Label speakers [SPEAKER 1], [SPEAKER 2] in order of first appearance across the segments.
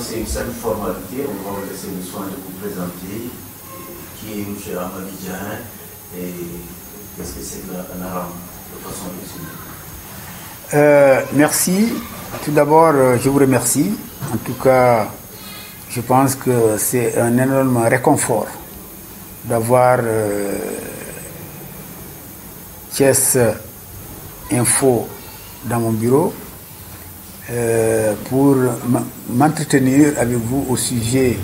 [SPEAKER 1] c'est une simple formalité. On va vous laisser le soin de vous présenter. Qui est M. Amadidjan et qu'est-ce que c'est qu'un aram de façon euh, Merci. Tout d'abord, euh, je vous remercie. En tout cas, je pense que c'est un énorme réconfort d'avoir euh, Chess Info dans mon bureau euh, pour m'entretenir avec vous au sujet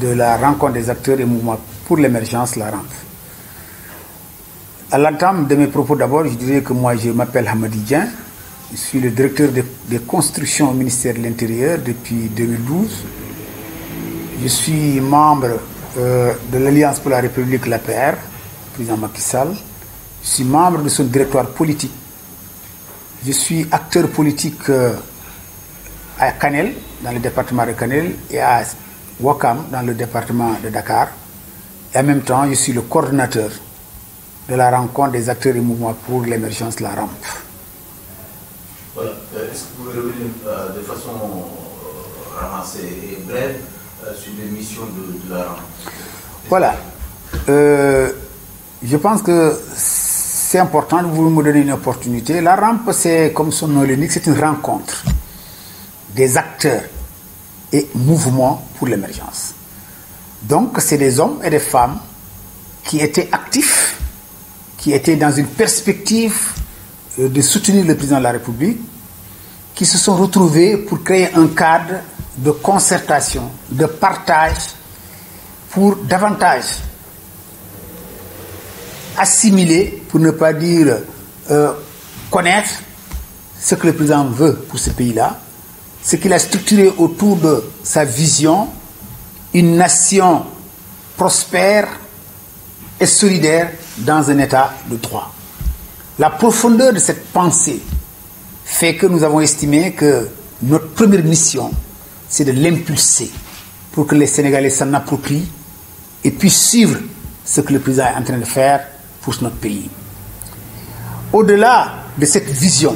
[SPEAKER 1] de la rencontre des acteurs et mouvements pour l'émergence, la rampe. À l'entame de mes propos d'abord, je dirais que moi je m'appelle Hamadi Dien, je suis le directeur des de constructions au ministère de l'Intérieur depuis 2012. Je suis membre euh, de l'Alliance pour la République, l'APR, président Macky Je suis membre de son directoire politique. Je suis acteur politique euh, à Canel, dans le département de Canel, et à Wakam, dans le département de Dakar. Et en même temps, je suis le coordinateur de la rencontre des acteurs du mouvement pour l'émergence de La Rampe. Euh, est-ce que vous pouvez revenir euh, de façon ramassée euh, et brève sur les missions de, la Rampe Voilà. je pense que c'est important de vous me donner une opportunité. La Rampe, c'est comme son nom l'indique, c'est une rencontre des acteurs et mouvements pour l'émergence. Donc, c'est des hommes et des femmes qui étaient actifs, qui étaient dans une perspective euh, de soutenir le président de la République, qui se sont retrouvés pour créer un cadre de concertation, de partage, pour davantage assimiler, pour ne pas dire euh, connaître ce que le président veut pour ce pays-là, ce qu'il a structuré autour de sa vision, une nation prospère et solidaire dans un état de droit. La profondeur de cette pensée fait que nous avons estimé que notre première mission, c'est de l'impulser pour que les Sénégalais s'en approprient et puissent suivre ce que le président est en train de faire pour notre pays. Au-delà de cette vision,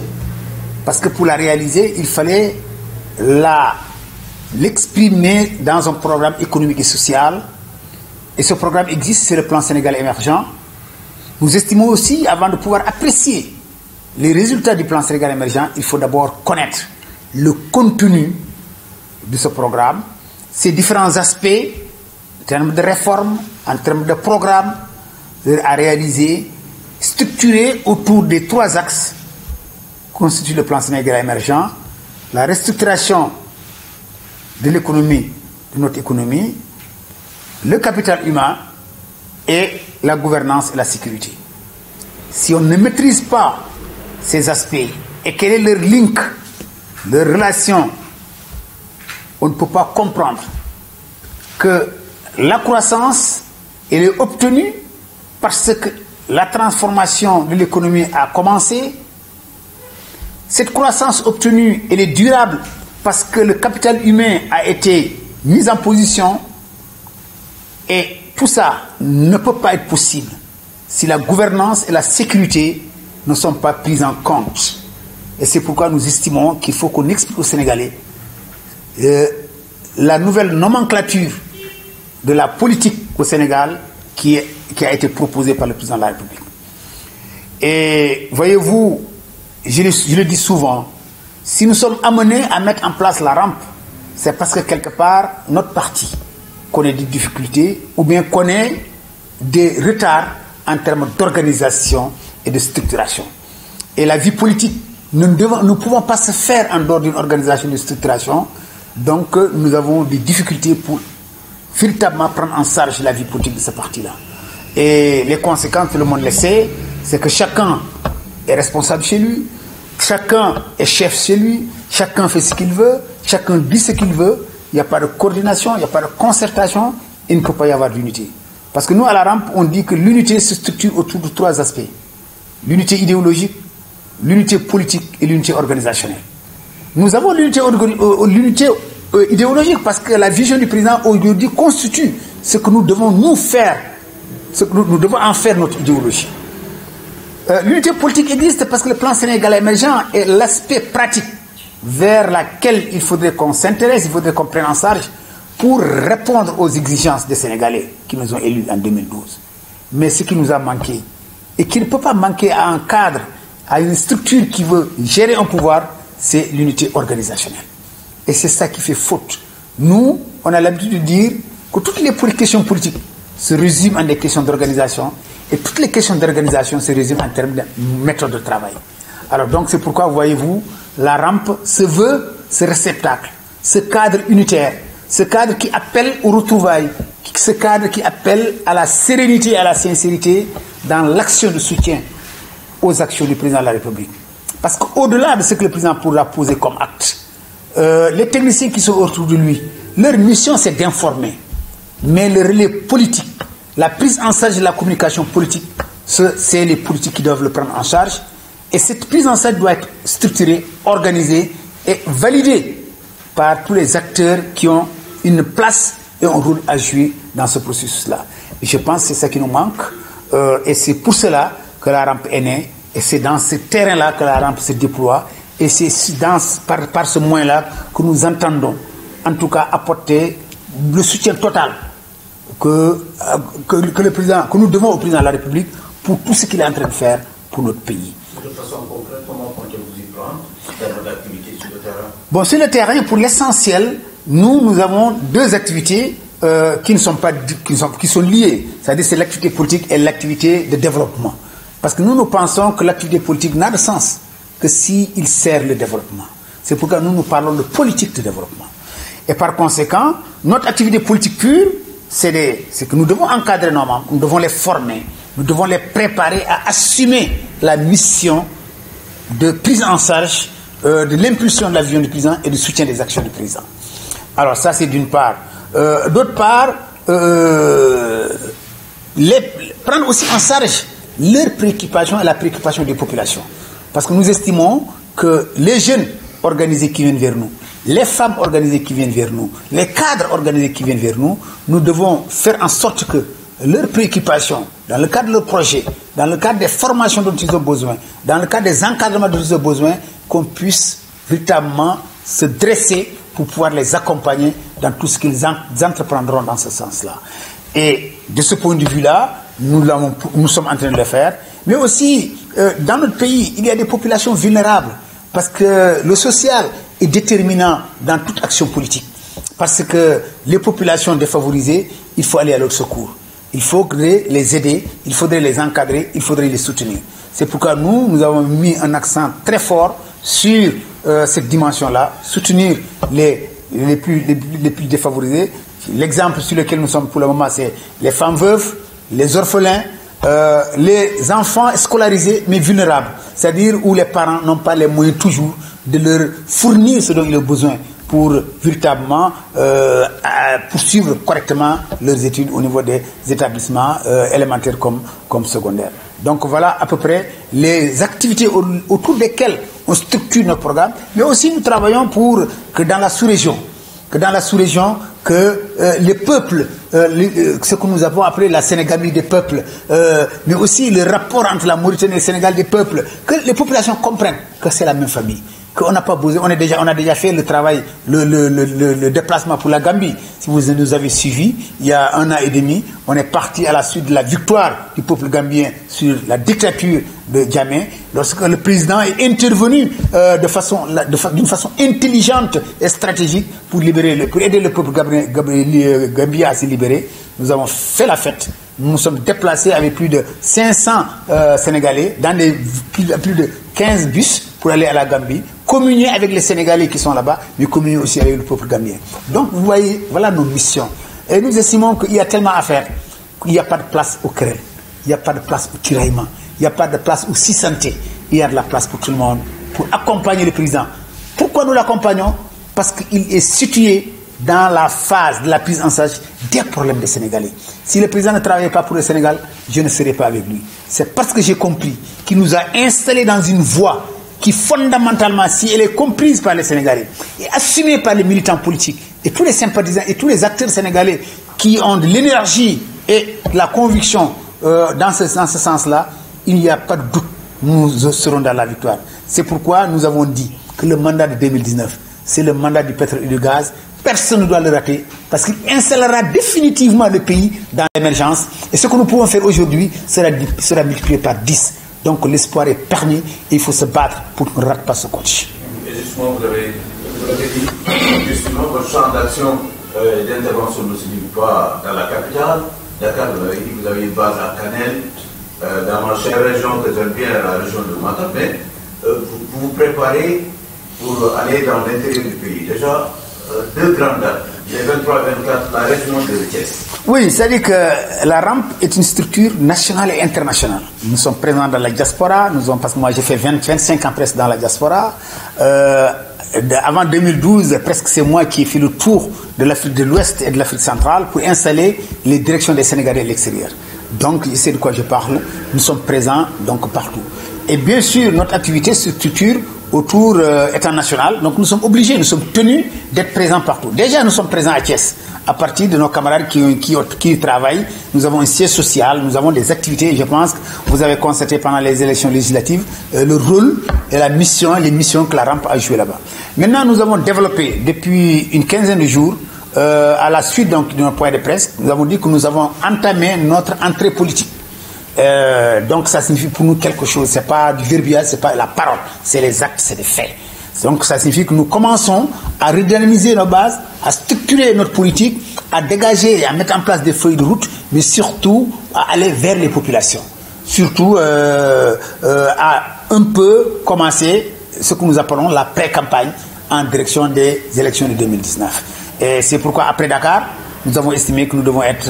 [SPEAKER 1] parce que pour la réaliser, il fallait l'exprimer dans un programme économique et social. Et ce programme existe, c'est le plan Sénégal émergent. Nous estimons aussi, avant de pouvoir apprécier les résultats du plan Sénégal émergent, il faut d'abord connaître le contenu de ce programme, ses différents aspects en termes de réformes, en termes de programmes à réaliser, structurés autour des trois axes constituent le plan Sénégal émergent, la restructuration de l'économie, de notre économie, le capital humain et la gouvernance et la sécurité. Si on ne maîtrise pas ces aspects et quel est leur link, leur relation, on ne peut pas comprendre que la croissance, elle est obtenue parce que la transformation de l'économie a commencé cette croissance obtenue, elle est durable parce que le capital humain a été mis en position et tout ça ne peut pas être possible si la gouvernance et la sécurité ne sont pas prises en compte. Et c'est pourquoi nous estimons qu'il faut qu'on explique aux Sénégalais euh, la nouvelle nomenclature de la politique au Sénégal qui, est, qui a été proposée par le président de la République. Et voyez-vous, je le, dis souvent, si nous sommes amenés à mettre en place la rampe, c'est parce que quelque part, notre parti connaît des difficultés ou bien connaît des retards en termes d'organisation et de structuration. Et la vie politique, nous ne pouvons pas se faire en dehors d'une organisation de structuration. Donc, euh, nous avons des difficultés pour véritablement prendre en charge la vie politique de ce parti-là. Et les conséquences, tout le monde le sait, c'est que chacun est responsable chez lui, chacun est chef chez lui, chacun fait ce qu'il veut, chacun dit ce qu'il veut, il n'y a pas de coordination, il n'y a pas de concertation, il ne peut pas y avoir d'unité. Parce que nous, à la rampe, on dit que l'unité se structure autour de trois aspects. L'unité idéologique, l'unité politique et l'unité organisationnelle. Nous avons l'unité euh, euh, euh, idéologique parce que la vision du président aujourd'hui constitue ce que nous devons nous faire, ce que nous devons en faire notre idéologie. Euh, l'unité politique existe parce que le plan sénégalais émergent est l'aspect pratique vers laquelle il faudrait qu'on s'intéresse, il faudrait qu'on prenne en charge pour répondre aux exigences des Sénégalais qui nous ont élus en 2012. Mais ce qui nous a manqué, et qui ne peut pas manquer à un cadre, à une structure qui veut gérer un pouvoir, c'est l'unité organisationnelle. Et c'est ça qui fait faute. Nous, on a l'habitude de dire que toutes les questions politiques se résument en des questions d'organisation et toutes les questions d'organisation se résument en termes de méthode de travail. Alors donc c'est pourquoi, voyez-vous, la rampe se veut ce réceptacle, ce cadre unitaire, ce cadre qui appelle au retrouvailles, ce cadre qui appelle à la sérénité et à la sincérité dans l'action de soutien aux actions du président de la République. Parce qu'au-delà de ce que le président pourra poser comme acte, euh, les techniciens qui sont autour de lui, leur mission c'est d'informer. Mais le relais politique la prise en charge de la communication politique, c'est les politiques qui doivent le prendre en charge. Et cette prise en charge doit être structurée, organisée et validée par tous les acteurs qui ont une place et un rôle à jouer dans ce processus-là. Je pense que c'est ça qui nous manque. Euh, et c'est pour cela que la rampe est née. Et c'est dans ce terrain-là que la rampe se déploie. Et c'est par, par ce moyen-là que nous entendons, en tout cas, apporter le soutien total euh, que, que, le président, que nous devons au président de la République pour tout ce qu'il est en train de faire pour notre pays. De façon concrète, comment comptez-vous y prendre sur le terrain Bon, sur le terrain, pour l'essentiel, nous, nous avons deux activités euh, qui ne sont pas qui sont, qui sont liées. C'est-à-dire c'est l'activité politique et l'activité de développement. Parce que nous, nous pensons que l'activité politique n'a de sens que s'il sert le développement. C'est pourquoi nous, nous parlons de politique de développement. Et par conséquent, notre activité politique pure, c'est que nous devons encadrer nos membres, nous devons les former, nous devons les préparer à assumer la mission de prise en charge euh, de l'impulsion de la vision du président et du soutien des actions du président. Alors ça, c'est d'une part. Euh, d'autre part, euh, prendre aussi en charge leurs préoccupations et la préoccupation des populations. Parce que nous estimons que les jeunes organisés qui viennent vers nous, les femmes organisées qui viennent vers nous, les cadres organisés qui viennent vers nous, nous devons faire en sorte que leurs préoccupations, dans le cadre de leurs projets, dans le cadre des formations dont ils ont besoin, dans le cadre des encadrements dont ils ont besoin, qu'on puisse véritablement se dresser pour pouvoir les accompagner dans tout ce qu'ils entreprendront dans ce sens-là. Et de ce point de vue-là, nous, nous sommes en train de le faire. Mais aussi, euh, dans notre pays, il y a des populations vulnérables parce que le social est déterminant dans toute action politique. Parce que les populations défavorisées, il faut aller à leur secours. Il faudrait les aider, il faudrait les encadrer, il faudrait les soutenir. C'est pourquoi nous, nous avons mis un accent très fort sur euh, cette dimension-là, soutenir les, les, plus, les, plus défavorisés. L'exemple sur lequel nous sommes pour le moment, c'est les femmes veuves, les orphelins, euh, les enfants scolarisés mais vulnérables, c'est-à-dire où les parents n'ont pas les moyens toujours de leur fournir ce dont ils ont besoin pour véritablement euh, poursuivre correctement leurs études au niveau des établissements euh, élémentaires comme, secondaires. Donc voilà à peu près les activités autour desquelles on structure nos programmes, mais aussi nous travaillons pour que dans la sous-région, que dans la sous-région, que euh, les peuples, ce que nous avons appelé la Sénégamie des peuples, mais aussi le rapport entre la Mauritanie et le Sénégal des peuples, que les populations comprennent que c'est la même famille qu'on n'a pas besoin, on, est déjà, on a déjà fait le travail, le, déplacement pour la Gambie. Si vous nous avez suivis, il y a un an et demi, on est parti à la suite de la victoire du peuple gambien sur la dictature de Djamé, lorsque le président est intervenu euh, de façon, d'une façon intelligente et stratégique pour, libérer le, pour aider le peuple gambien, euh, à se libérer. Nous avons fait la fête nous nous sommes déplacés avec plus de 500 euh, Sénégalais dans plus, de 15 bus pour aller à la Gambie communier avec les Sénégalais qui sont là-bas, mais communier aussi avec le peuple gambien. Donc, vous voyez, voilà nos missions. Et nous estimons qu'il y a tellement à faire qu'il n'y a pas de place au querelles, il n'y a pas de place au tiraillement, il n'y a pas de place au si santé. Il y a de la place pour tout le monde, pour accompagner le président. Pourquoi nous l'accompagnons Parce qu'il est situé dans la phase de la prise en charge des problèmes des Sénégalais. Si le président ne travaillait pas pour le Sénégal, je ne serais pas avec lui. C'est parce que j'ai compris qu'il nous a installés dans une voie qui fondamentalement, si elle est comprise par les Sénégalais et assumée par les militants politiques et tous les sympathisants et tous les acteurs sénégalais qui ont de l'énergie et de la conviction euh, dans ce, ce sens-là, il n'y a pas de doute, nous serons dans la victoire. C'est pourquoi nous avons dit que le mandat de 2019, c'est le mandat du pétrole et du gaz. Personne ne doit le rater parce qu'il installera définitivement le pays dans l'émergence. Et ce que nous pouvons faire aujourd'hui sera, sera multiplié par 10. Donc l'espoir est permis il faut se battre pour ne rate pas ce coach. Et justement, vous avez, dit, justement, votre champ d'action euh, d'intervention ne se limite pas dans la capitale. Dakar, vous avez dit, que vous avez une base à Canel, euh, dans ma chère région que j'aime bien, la région de Matam, euh, vous vous préparez pour aller dans l'intérieur du pays. Déjà, euh, deux grandes dates. Oui, c'est-à-dire que la rampe est une structure nationale et internationale. Nous sommes présents dans la diaspora, nous moi j'ai fait 20, 25 ans presque dans la diaspora. Euh, avant 2012, presque c'est moi qui ai fait le tour de l'Afrique de l'Ouest et de l'Afrique centrale pour installer les directions des Sénégalais à l'extérieur. Donc, c'est de quoi je parle. Nous sommes présents donc partout. Et bien sûr, notre activité se structure autour euh, étant national. Donc nous sommes obligés, nous sommes tenus d'être présents partout. Déjà, nous sommes présents à Thiès, à partir de nos camarades qui, qui, qui travaillent. Nous avons un siège social, nous avons des activités. Je pense que vous avez constaté pendant les élections législatives euh, le rôle et la mission, les missions que la rampe a joué là-bas. Maintenant, nous avons développé depuis une quinzaine de jours euh, à la suite donc de nos point de presse, nous avons dit que nous avons entamé notre entrée politique. Euh, donc ça signifie pour nous quelque chose. C'est pas du verbiage, c'est pas la parole, c'est les actes, c'est les faits. Donc ça signifie que nous commençons à redynamiser nos bases, à structurer notre politique, à dégager et à mettre en place des feuilles de route, mais surtout à aller vers les populations. Surtout euh, euh, à un peu commencer ce que nous appelons la pré-campagne en direction des élections de 2019. Et c'est pourquoi après Dakar, nous avons estimé que nous devons être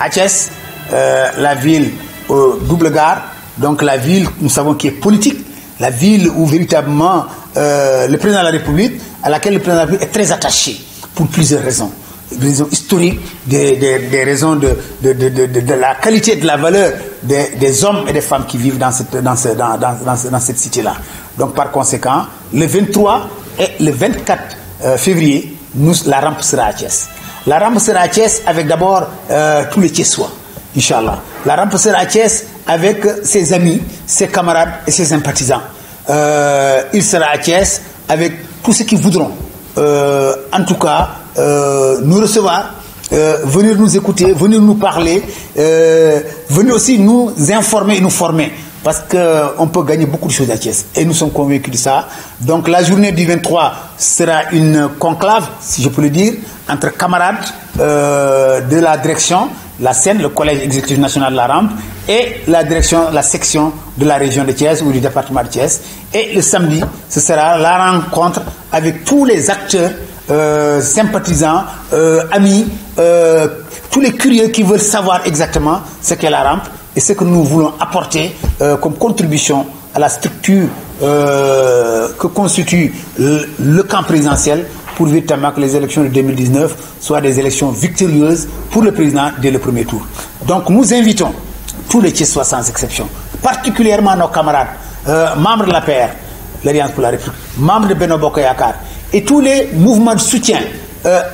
[SPEAKER 1] HS, euh, la ville euh, double gare, donc la ville, nous savons, qui est politique, la ville où véritablement euh, le président de la République, à laquelle le président de la République est très attaché, pour plusieurs raisons. Des raisons historiques, des, raisons de, de, la qualité de la valeur des, hommes et des femmes qui vivent dans cette, dans, dans, cette cité-là. Donc par conséquent, le 23 et le 24 euh, février, nous, la rampe sera à La rampe sera à avec d'abord tous les Thiessois. Inch'Allah. La rampe sera à avec ses amis, ses camarades et ses sympathisants. Euh, il sera à caisse avec tous ceux qui voudront, euh, en tout cas, euh, nous recevoir, venir nous écouter, venir nous parler, venir aussi nous informer et nous former. Parce qu'on peut gagner beaucoup de choses à Thiès. Et nous sommes convaincus de ça. Donc la journée du 23 sera une conclave, si je peux le dire, entre camarades euh, de la direction, la scène, le collège exécutif national de la rampe, et la direction, la section de la région de Thiès ou du département de Thiès. Et le samedi, ce sera la rencontre avec tous les acteurs, euh, sympathisants, euh, amis, tous les curieux qui veulent savoir exactement ce qu'est la rampe et ce que nous voulons apporter euh, comme contribution à la structure euh, que constitue le, camp présidentiel pour véritablement que les élections de 2019 soient des élections victorieuses pour le président dès le premier tour. Donc nous invitons tous les Tchessois sans exception, particulièrement nos camarades, euh, membres de la PR, l'Alliance pour la République, membres de Benoît Bokoyakar, et tous les mouvements de soutien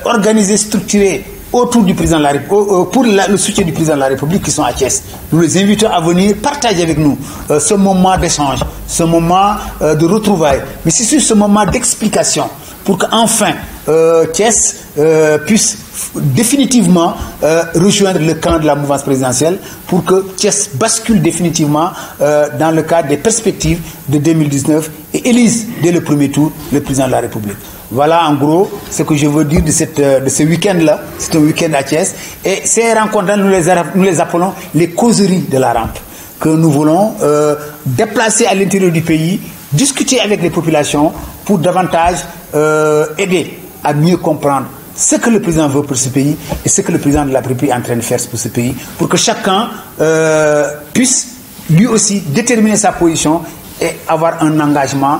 [SPEAKER 1] organisés, structurés, autour du président de euh, euh, pour le soutien du président de la République qui sont à Thiès. Nous les invitons à venir partager avec nous euh, ce moment d'échange, ce moment de retrouvailles, mais c'est ce moment d'explication pour qu'enfin euh, puisse définitivement rejoindre le camp de la mouvance présidentielle pour que Thiès bascule définitivement dans le cadre des perspectives de 2019 et élise dès le premier tour le président de la République. Voilà en gros ce que je veux dire de, cette, euh, de ce week-end-là. C'est un week-end à Thiès. Et ces rencontres-là, nous les, appelons les causeries de la rampe, que nous voulons euh, déplacer à l'intérieur du pays, discuter avec les populations pour davantage euh, aider à mieux comprendre ce que le président veut pour ce pays et ce que le président de la République est en train de faire pour ce pays, pour que chacun puisse lui aussi déterminer sa position et avoir un engagement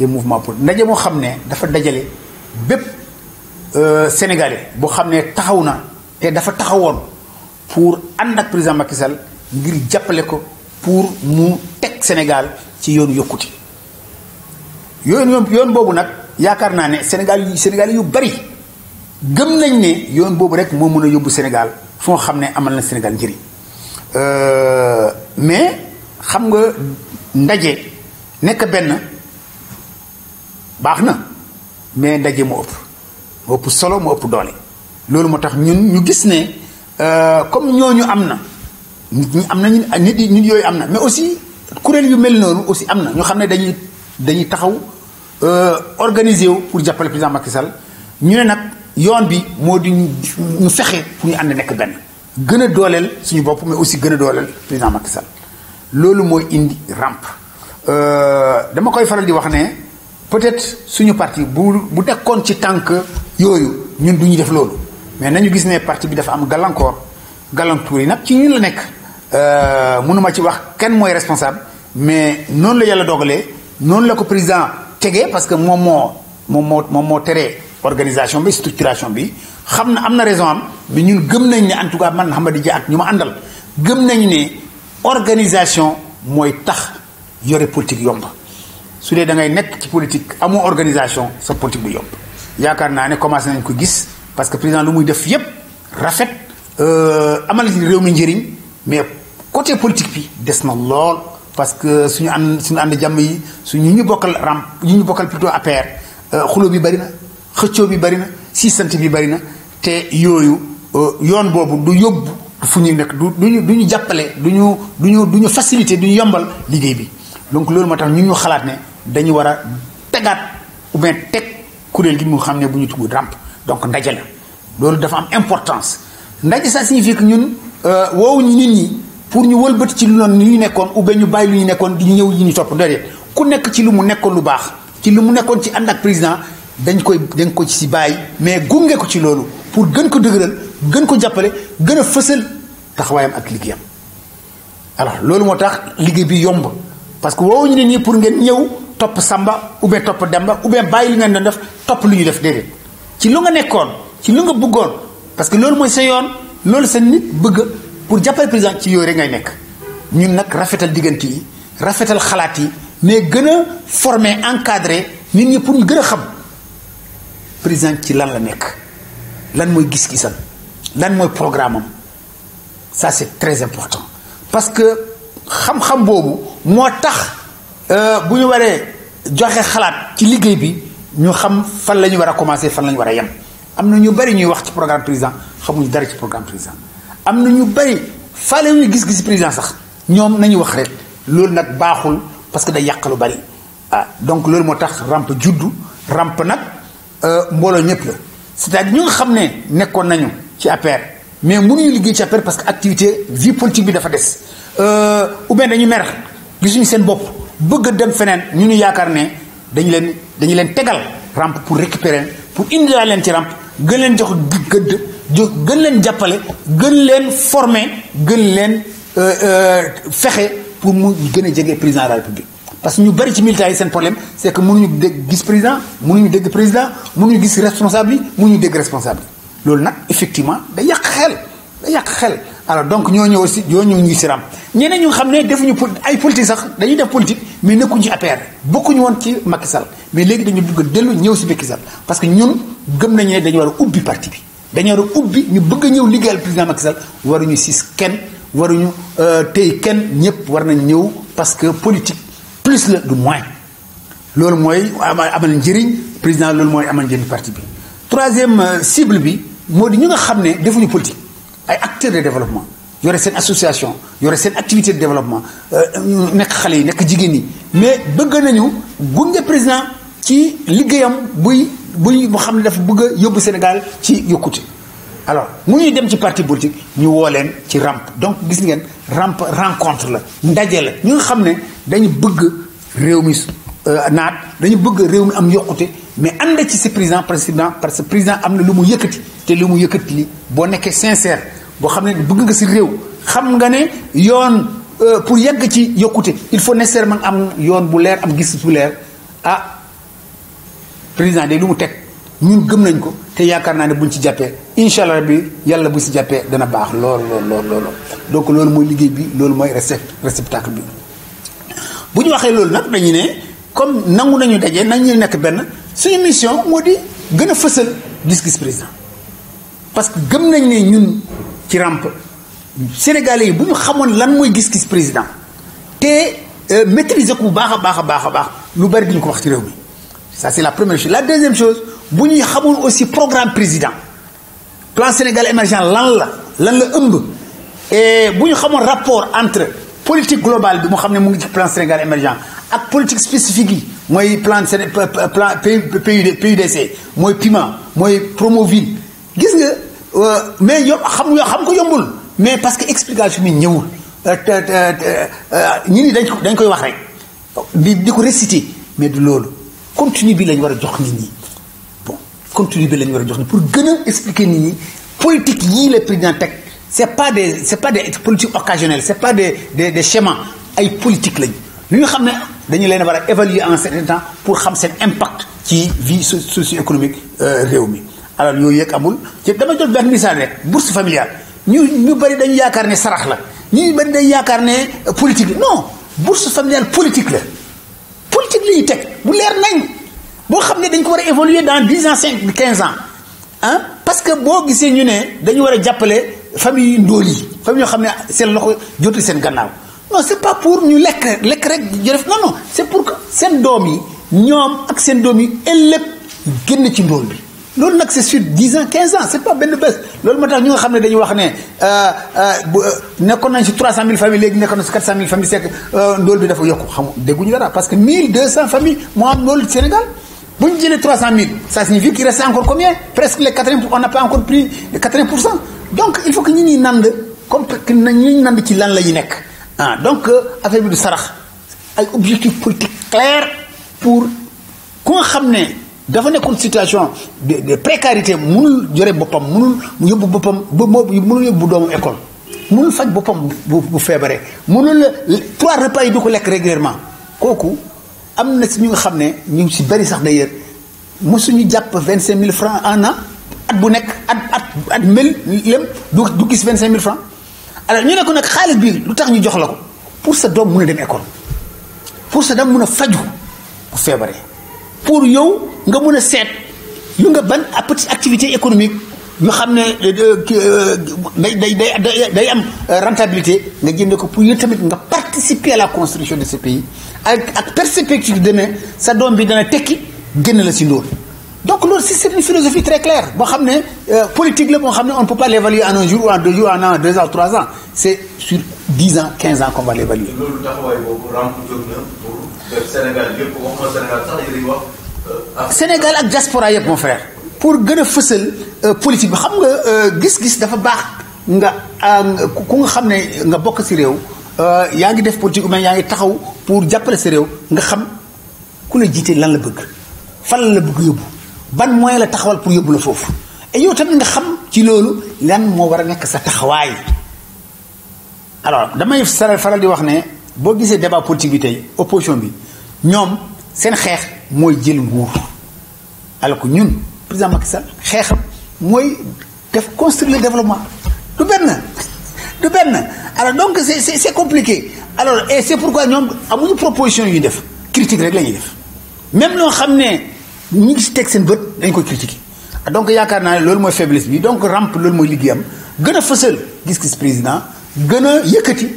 [SPEAKER 1] et pour ndaje moo xam ne dafa dajale bépp euh, sénégalais boo xam ne taxaw na te dafa taxawoon pour ànd ak président Macky ngir jàppale ko pour mu teg Sénégal ci yoon yokkute yoon yoon yoon boobu nag yaakaar naa ne Sénégal yu Sénégal yu bari gëm nañ ne yoon boobu rek moo mën a yóbbu Sénégal foo xam ne amal na Sénégal njëriñ euh, mais xam nga ndaje nekk benn. baax na mais ndaje mu ëpp mu ëpp solo mu ëpp doole loolu moo tax ñun ñu gis ne euh, comme ñooñu am na nit ñi am na ñu nit yi nit yooyu am na mais aussi kuréel yu mel noonu aussi am na ñu xam ne dañuy dañuy taxaw euh, organiser wu pour jàppale président Macky ñu ne nag yoon bi moo di ñu fexe pour ñu ànd nekk benn gën a dooleel suñu bopp mais aussi gën a dooleel président Macky loolu mooy indi ramp euh, dama koy faral di wax ne. peut-être suñu parti bu bu nekkoon ci tànk yoyu ñun duñu def lolu mais nañu gis né parti bi dafa am galancor gàllankoor yi ci ñun la nek euh mënuma ci wax ken moy responsable mais non la yalla dogalé non la ko président tégué parce que moom moo moom moo moom moo teree organisation bi structuration bi xamna amna raison am bi ñun gëm nañ ne en tout cas man Hamady Dia ak ñuma andal gëm nañ ne organisation moy tax yoré politique yomb su dee da ngay politique organisation sa politique du yomb yaakaar commencé ko parce que président def rafet euh, amal réew mi mais côté politique bi des na parce que suñu suñu ànd jàmm yi suñu ñu bokkal ram ñu ñu bokkal plutôt APR pas euh, bi bari na xëccoo bi bari na bi bari na du du du du donc loolu moo ñu ñu ne dañu wara a tegaat ou bien teg kuréel gi mu xamne buñu bu ramp donc ndaje la lolu dafa am importance ndaje ça signifie que ñun euh woowu ñu nit ñi pour ñu wëlbati ci lu noonu ñu nekkoon ou bien ñu bàyyi lu ñu nekkon di ñew ñu ñu topp déedéet ku nekk ci lu mu nekkoon lu baax ci lu mu nekkon ci andak ak président dañ koy dañ ko ci si bàyyi mais gungé ko ci lolu pour gën ko dëgëral gën ko jappalé gën fessel fësal taxawaayam ak liggéeyam alors lolu motax tax bi yomb parce que woowu ñu nit ñi pour ngeen ñew Top Samba ou bien top damba, ou bien bàyyi ngeen def top luñu def déedéet ci lu nga nekkoon ci lu nga bëggoon parce que lool moy sa yoon loolu sa nit bëgg pour jàppale président ci yooyu rek ngay nekk ñun nak rafetal diggante yi rafetal xalaat yi mais gën former encadrer nit ñi pour ñu gën xam président ci lan la nekk lan moy gis-gisam lan moy programme ça c'est très important parce que xam-xam bobu moo tax. Euh, bu ñu waree joxe xalaat ci liggéey bi ñu xam fan la ñu war a commencé fan la ñu war a yem am na ñu bari ñuy wax ci programme président xamuñu dara ci programme président am na ñu bari faale ñu gis-gis président sax ñoom nañu wax rek loolu nag baaxul parce que day yàq lu bari ah donc loolu moo tax ramp juddu ramp nag euh, mbooloo ñëpp la c'est-à-dire ñu nga xam ne nekkoon nañu ci APR mais mënuñu liggéey ci APR parce que activité vie politique bi dafa des euh, ou bien dañu mer gisuñu seen bopp bëgg dem feneen ñu ñu yaakaar ne leen pour récupérer pour les leen ci rampe jox former pour mu président de la république parce que ñu bari ci yi problème c'est que nous, dégg gis président nous dégg président mënuñu gis responsable yi responsable effectivement xel xel alors nous, ñoo aussi ñoo ñu nous, Nous, ñeneen ñu politique mais nekkuñu ci APR ñu won ci Macky Sall mais léegi dañu duggal delu ñew ci Macky Sall parce que ñun gëm nañu dañu war a ubbi parti bi dañu war a ubbi ñu bëgg ñew ñëw président Macky Sall waruñu siis kenn waruñu euh, tey ken ñëpp war nañ ñew parce que politique plus le du moins loolu mooy amal njëriñ président loolu mooy amal njëriñ parti bi troisième euh, cible bi modi di ñu nga xam defuñu politique ay acteurs de développement aurait seen association aurait seen activité de développement euh, nekk xale nek nekk jigéen mais bëgg nañu gungé président ci liggéeyam buy buy mu xam dafa bëgg a Sénégal ci yokuti. alors mu ñuy dem ci parti politique ñu woo leen ci rampe donc gis ngeen rampe rencontre la ndaje la ñu nga dañu bëgg réew mi euh, naat dañu bëgg réew mi am yokuti. mais and ci sa président président parce que président am na lu mu yëkkati te lu mu yëkkati li bo nekkee sincère boo xam bëgg nga si réew xam nga ne yoon euh, pour yegg ci yokkute il faut nécessairement am yoon bu leer am gis bu leer ah président de lu mu teg ñun gëm nañ ko te yaakaar naa ne buñ ci jàppee incha bi yàlla buñ si jàppee dana baax lool lool lool lool donc loolu mooy liggéey bi loolu mooy récept réceptacle bi bu ñu waxee loolu nag dañu ne comme nangu nañu daje nañu nekk benn suñu mission moo di gën a fësal gis président parce que gëm nañ ne ñun rampe... ramp Sénégalais yi bu ñu lan président Et, euh, maîtriser ko baaxa baaxa baax lu ça c'est la première chose la deuxième chose bu ñuy aussi programme président plan Sénégal émergent lan la lan et bu ñu rapport entre politique globale bi mu plan Sénégal émergent ak politique spécifique yi moy plan plan PUDC gis nga. Euh, mais yo xam yo xam ko yombul mais parce que explication bi ñëwul euh, euh, ñi ni dañ ko dañ koy wax rek di di réciter mais du lolu continue bi lañ wara jox nit ñi bon continue bi lañ wara jox ni pour gëna expliquer nit ñi politique yi la président teg c' pas des c'est pas des politiques occasionnelles c' est pas des des des schémas ay politique lañ li xam ne dañu leen wara évaluer en certain temps pour xam seen impact ci vie socio économique réew mi alors nous yëg amul ci dama jot benn misaal bourse familiale ñu ñu bëri dañu ne sarax la ñu ne euh, politique non bourse familiale politique la politique la teg bu leer nañ évoluer dans 10 ans cinq quinze ans hein? parce que boo gisee ñu ne famille famille ne loxo non c'est pas pour ñu lekk non non c'est pour que seen doom nous, ak seen doom yi loolu nag c'est sur 10 ans 15 ans c'est pas bien de loolu moo tax ñu nga xam ne dañuy wax ne euh, euh, euh, nekkoon 300000 familles léegi nekkoon na 400000 familles c'est que ndóol bi dafa yokku xam dara parce que 1200 familles moo am ndóol Sénégal 300000 ça signifie qu'il reste encore combien presque les 80 on n'a pas encore pris les 80 donc il faut que nous, nous, nand comme que ñu nand ci lan nekk ah donc avec le du sarax ay objectif politique clair pour qu'on ramène dafa nekkoon situation de de précarité munul yore boppam munul mu yóbbu boppam mo munul yóbbu doomu école munul faj boppam bu bu feebaree munul trois repas yi di ko lekk régulièrement kooku am na si ñu nga xam ne ñu si bëri sax d'ailleurs mosuñu jàpp vingt cinq mille francs en an at bu nekk at at at mel lem du du gis vingt cinq mille francs alors ñu ne ko nag xaalis bi lu tax ñu jox la ko pour sa doom mun a dem école pour sa doom mun a faju bu feebaree pour yow nga mun a seet lu nga ban petite activité économique ñu xam ne euh, euh, euh, day day day day am rentabilité nga jënd ko pour yow tamit nga participer à la construction de ce pays ak ak perspective demain sa doom bi dana tekki génn la si ndóol donc loolu si c'est une philosophie très claire boo xam ne politique la boo xam ne on ne peut pas l'évaluer en un jour ou en deux jours en un deux ans trois ans c'est sur dix ans quinze ans qu'on va l'évaluer. loolu taxawaay boobu ràmp jóg na pour Sénégal yëpp waxuma Sénégal sax yéen wax. Sénégal ak diaspora yëpp mon frère pour gën a fësal euh, politique bi xam nga euh, gis-gis dafa baax nga ku nga xam ne nga bokk si réew euh, yaa ngi def politique mais yaa ngi taxaw pour jàppale sa réew nga xam ku la jiite lan la bëgg fan la bëgg yóbbu ban moyen la taxawal pour yóbbu la foofu et yow tamit nga xam ci loolu lan moo war a nekk sa taxawaay alors damay faral di wax ne boo gisee débat politique bi tey opposition bi ñoom seen xeex. moy jël nguur alors que ñun président Macky Sall xeexam mooy def construire le développement du benn du benn alors donc c'est c'est compliqué alors et c'est pourquoi ñoom amuñu proposition yu def critique rek la def même loo xam ne ñu ngi si teg seen bët dañ koy critiquer ah, donc yaakaar naa ne loolu mooy faiblesse bi donc rampe loolu mooy liggéeyam gën a fësal gis-gis président gën a yëkkati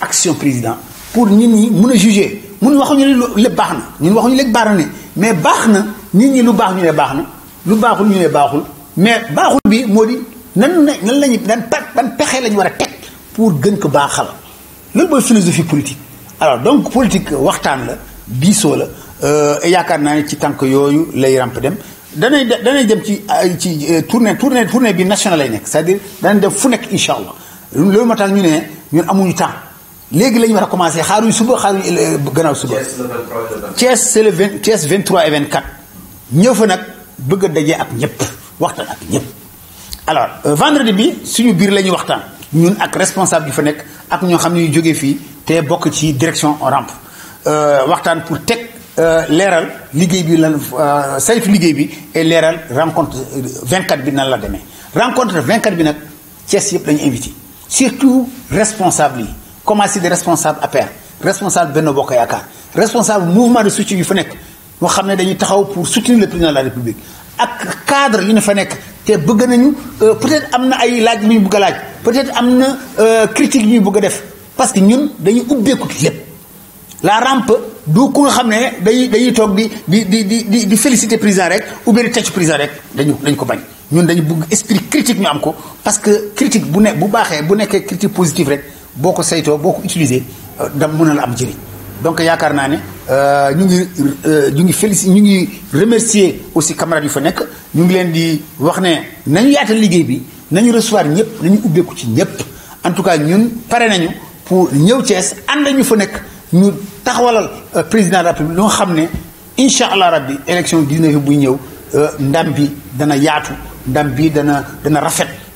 [SPEAKER 1] action président pour nous ñi juger mun waxu ñu le baxna na ñun waxuñu lépp baax ne mais baxna nit ñi lu bax ñu le baxna lu baxul ñu le baxul mais baxul bi modi nan nan lañu nan ban pexe lañu wara tek pour gën ko baxal lool mooy philosophie politique alors donc politique waxtan la biso la euh naa na ci tànk yoyu lay ramp dem danay danay dem ci ci tourner tourner tourner bi national lay nek c'est-à-dire dañ def fu nek inshallah lool loolu tax ñu ne ñun amuñu temps léegi la ñu commencé xaaruñ suba xaaruñ euh, gannaaw suba. Thiès c'est le 20 Thiès 23 et 24. ñëw fa nag bëgg a dajee ak ñëpp waxtaan ak ñëpp alors euh, vendredi bi suñu biir la ñuy waxtaan ñun ak responsable bi fa nekk ak ñoo xam ne ñu jógee fii te bokk ci direction ORAMP euh, waxtaan pour teg leeral liggéey bi lan saytu liggéey bi et leeral rencontre 24 bi nan la demee rencontre 24 bi nag Thiès yëpp la invité surtout responsable yi commencé di responsable APR responsable Benno Bokk responsable mouvement de soutien du FNEC. Nous sommes là pour soutenir le président de la république ak cadre du FNEC, fa euh, peut-être amener à ay laaj yu ñu bëgg peut-être amener na euh, critique yu ñuy bëgg def parce que nous dañuy ubbeeku ci lépp la rampe du sommes nga xam ne day dañuy di di di féliciter président rek ou bien di président rek dañu dañ ko bañ ñun esprit critique ñu am parce que critique bu ne bu baaxee bu critique positive Boko sayto boko utiliser euh, dam utilisé dans donc euh, ngi euh, ñu ngi remercier aussi camarades yu fa ñu ngi len di wax nous nañu yaata liggéey bi nañu recevoir ci en tout cas nous sommes nañu pour ñëw nous nous nous président de la République nous xamné 19 ndam rafet.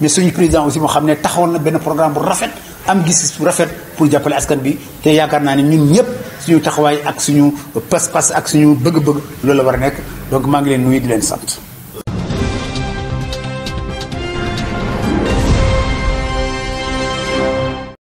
[SPEAKER 1] mais suñu président aussi moo xam ne taxawal na benn programme bu rafet am gis bu rafet pour jàppale askan bi te yaakaar naa ne ñun ñëpp suñu taxawaay ak suñu pas-pas ak suñu bëgg-bëgg loolu la war a nekk donc maa ngi leen nuyu leen sant.